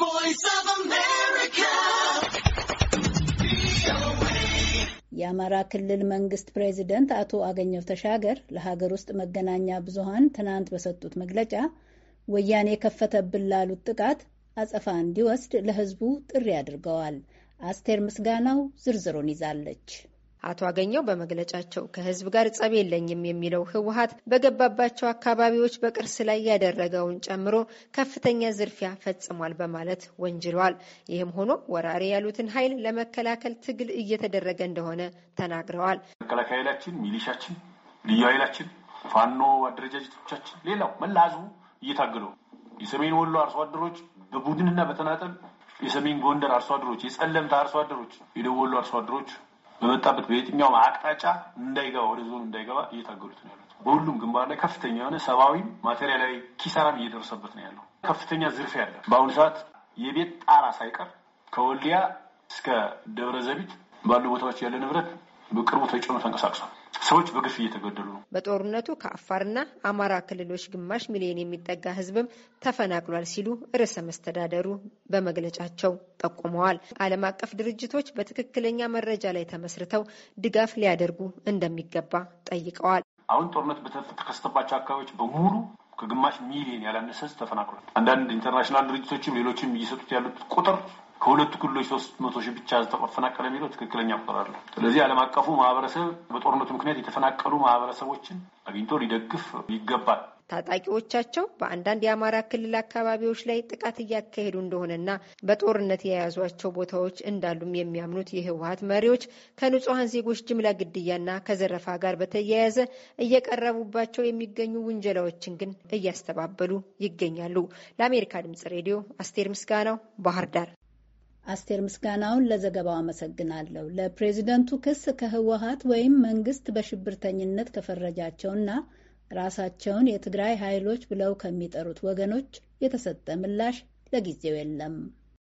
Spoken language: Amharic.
voice የአማራ ክልል መንግስት ፕሬዚደንት አቶ አገኘው ተሻገር ለሀገር ውስጥ መገናኛ ብዙኃን ትናንት በሰጡት መግለጫ ወያኔ የከፈተብን ላሉት ጥቃት አጸፋ እንዲወስድ ለህዝቡ ጥሪ አድርገዋል። አስቴር ምስጋናው ዝርዝሩን ይዛለች። አቶ አገኘው በመግለጫቸው ከህዝብ ጋር ጸብ የለኝም የሚለው ህወሀት በገባባቸው አካባቢዎች በቅርስ ላይ ያደረገውን ጨምሮ ከፍተኛ ዝርፊያ ፈጽሟል በማለት ወንጅሏል። ይህም ሆኖ ወራሪ ያሉትን ኃይል ለመከላከል ትግል እየተደረገ እንደሆነ ተናግረዋል። መከላከያ ኃይላችን፣ ሚሊሻችን፣ ልዩ ኃይላችን፣ ፋኖ አደረጃጀቶቻችን፣ ሌላው መላ ህዝቡ እየታገሉ የሰሜን ወሎ አርሶ አደሮች በቡድንና በተናጠል የሰሜን ጎንደር አርሶ አደሮች፣ የጸለምታ አርሶ አደሮች፣ የደቡብ ወሎ አርሶ አደሮች በመጣበት በየትኛውም አቅጣጫ እንዳይገባ ወደ ዞኑ እንዳይገባ እየታገሉት ነው ያሉት። በሁሉም ግንባር ላይ ከፍተኛ የሆነ ሰብአዊም ማቴሪያላዊ ኪሳራም እየደረሰበት ነው ያለው። ከፍተኛ ዝርፊያ ያለ በአሁኑ ሰዓት የቤት ጣራ ሳይቀር ከወልዲያ እስከ ደብረ ዘቢት ባሉ ቦታዎች ያለ ንብረት በቅርቡ ተጭኖ ተንቀሳቅሷል። ሰዎች በግፍ እየተገደሉ ነው። በጦርነቱ ከአፋርና አማራ ክልሎች ግማሽ ሚሊዮን የሚጠጋ ህዝብም ተፈናቅሏል ሲሉ ርዕሰ መስተዳደሩ በመግለጫቸው ጠቁመዋል። ዓለም አቀፍ ድርጅቶች በትክክለኛ መረጃ ላይ ተመስርተው ድጋፍ ሊያደርጉ እንደሚገባ ጠይቀዋል። አሁን ጦርነት በተከሰተባቸው አካባቢዎች በሙሉ ከግማሽ ሚሊዮን ያላነሰ ህዝብ ተፈናቅሏል። አንዳንድ ኢንተርናሽናል ድርጅቶችም ሌሎችም እየሰጡት ያሉት ቁጥር ከሁለቱ ክልሎች ሶስት መቶ ሺህ ብቻ ተፈናቀለ የሚለው ትክክለኛ ቁጥር አለ። ስለዚህ ዓለም አቀፉ ማህበረሰብ በጦርነቱ ምክንያት የተፈናቀሉ ማህበረሰቦችን አግኝቶ ሊደግፍ ይገባል። ታጣቂዎቻቸው በአንዳንድ የአማራ ክልል አካባቢዎች ላይ ጥቃት እያካሄዱ እንደሆነና በጦርነት የያዟቸው ቦታዎች እንዳሉም የሚያምኑት የህወሀት መሪዎች ከንጹሐን ዜጎች ጅምላ ግድያና ከዘረፋ ጋር በተያያዘ እየቀረቡባቸው የሚገኙ ውንጀላዎችን ግን እያስተባበሉ ይገኛሉ። ለአሜሪካ ድምጽ ሬዲዮ አስቴር ምስጋናው ባህር ዳር አስቴር ምስጋናውን ለዘገባው አመሰግናለሁ። ለፕሬዚደንቱ ክስ ከህወሀት ወይም መንግስት በሽብርተኝነት ከፈረጃቸውና ራሳቸውን የትግራይ ኃይሎች ብለው ከሚጠሩት ወገኖች የተሰጠ ምላሽ ለጊዜው የለም።